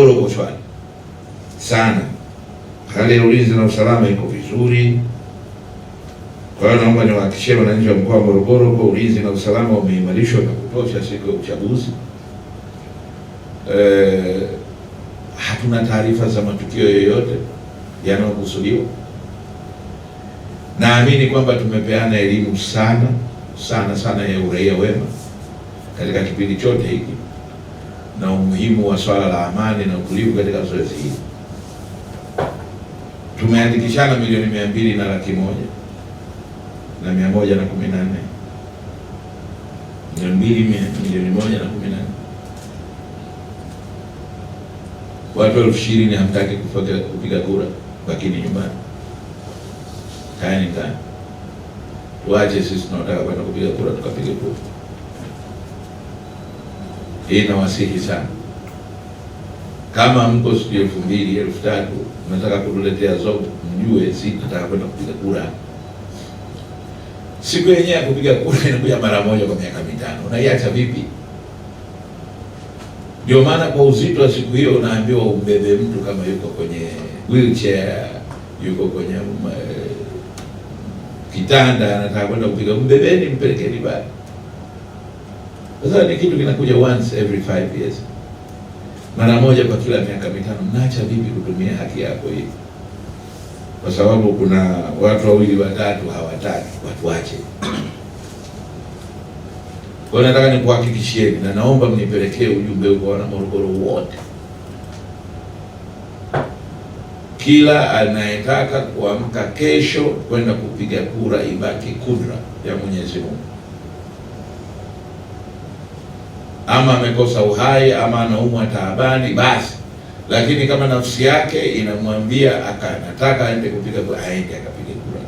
Korogofani sana. Hali ya ulinzi na usalama iko vizuri. Kwa hiyo naomba niwahakikishie wananchi wa mkoa wa Morogoro kwa ulinzi na usalama umeimarishwa na kutosha siku ya uchaguzi. E, hatuna taarifa za matukio yoyote yanayokusudiwa. Naamini kwamba tumepeana elimu sana sana sana ya uraia wema katika kipindi chote hiki na umuhimu wa swala la amani na utulivu katika zoezi hili. Tumeandikishana milioni mia mbili na laki moja na mia moja na kumi na nne milioni mbili milioni moja na kumi na nne Watu elfu ishirini hamtaki kupiga kura, lakini nyumbani kaeni ndani, tuache sisi tunaotaka kwenda kupiga kura tukapiga kura inawasihi sana, kama mko siku elfu mbili elfu tatu mnataka kutuletea zogo, mjue si tunataka kwenda kupiga kura. Siku yenyewe ya kupiga kura inakuja mara moja kwa miaka mitano, unaiacha vipi? Ndio maana kwa uzito wa siku hiyo unaambiwa umbebe mtu kama yuko kwenye wheelchair, yuko kwenye um, kitanda anataka kwenda kupiga, mbebeni, mpelekeni bali sasa ni kitu kinakuja once every five years, mara moja kwa kila miaka mitano. nacha vipi kutumia haki yako hii? Kwa sababu kuna watu wawili watatu hawataki, watu wache. Kwa hiyo nataka nikuhakikishieni na naomba mnipelekee ujumbe huko wana Morogoro wote, kila anayetaka kuamka kesho kwenda kupiga kura, ibaki kudra ya Mwenyezi Mungu. ama amekosa uhai ama anaumwa taabani, basi. Lakini kama nafsi yake inamwambia anataka aende kupiga kura, aende akapiga kura.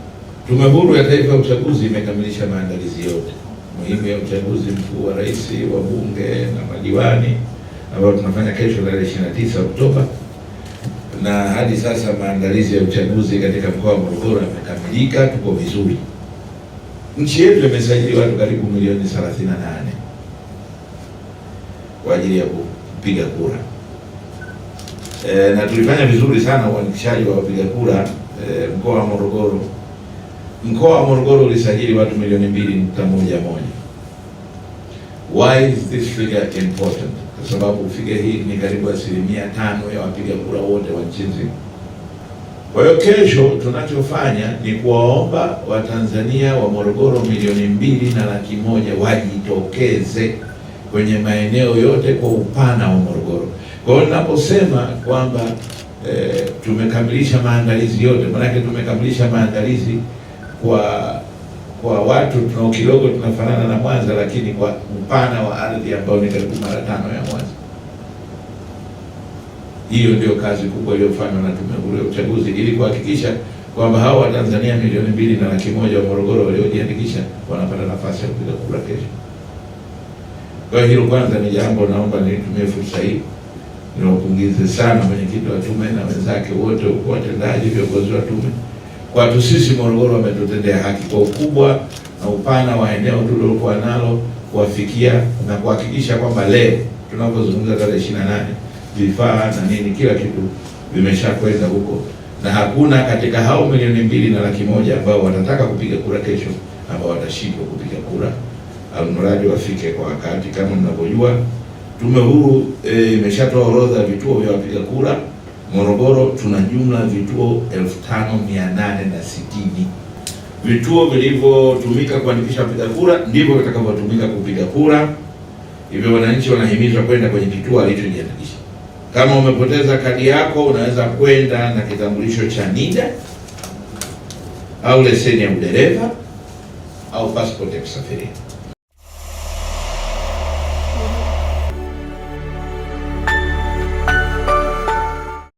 Tume Huru ya Taifa ya Uchaguzi imekamilisha maandalizi yote muhimu ya uchaguzi mkuu wa rais, wa bunge na madiwani ambao tunafanya kesho tarehe 29 Oktoba, na hadi sasa maandalizi ya uchaguzi katika mkoa wa Morogoro yamekamilika. Tuko vizuri. Nchi yetu imesajili watu karibu milioni 38 kwa ajili ya kupiga kura e, na tulifanya vizuri sana uandikishaji wa wapiga kura e, mkoa wa Morogoro. Mkoa wa Morogoro ulisajili watu milioni mbili nukta moja moja. Why is this figure important? Kwa sababu figa hii ni karibu asilimia tano ya wapiga kura wote wa nchi nzima. Kwa hiyo kesho tunachofanya ni kuwaomba Watanzania wa Morogoro milioni mbili na laki moja wajitokeze kwenye maeneo yote kwa upana wa Morogoro. Kwa hiyo ninaposema kwamba e, tumekamilisha maandalizi yote, maanake tumekamilisha maandalizi kwa kwa watu tunao kidogo tunafanana na Mwanza, lakini kwa upana wa ardhi ambao ni karibu mara tano ya Mwanza. Hiyo ndio kazi kubwa iliyofanywa na Tume Huru ya Uchaguzi ili kuhakikisha kwamba hawa Watanzania milioni mbili na laki moja wa Morogoro waliojiandikisha wanapata nafasi ya kupiga kura kesho. Kwa hiyo hilo kwanza ni jambo, naomba nitumie fursa hii niwapongeze sana mwenyekiti wa tume na wenzake wote huko, watendaji, viongozi wa tume. Kwetu sisi Morogoro wametutendea haki kwa ukubwa na upana wa eneo tulilokuwa nalo kuwafikia na kuhakikisha kwamba leo tunapozungumza tarehe ishirini na nane vifaa na nini kila kitu vimeshakwenda huko, na hakuna katika hao milioni mbili na laki moja ambao wanataka kupiga kura kesho ambao watashindwa kupiga kura almradi wafike kwa wakati. Kama mnavyojua, tume huru e, imeshatoa e, orodha ya vituo vya wapiga kura. Morogoro tuna jumla vituo 5860 vituo vilivyotumika kuandikisha wapiga kura ndivyo vitakavyotumika kupiga kura. Hivyo wananchi wanahimizwa kwenda kwenye kituo alichojiandikisha. Kama umepoteza kadi yako, unaweza kwenda na kitambulisho cha NIDA au leseni ya udereva au passport ya kusafiria.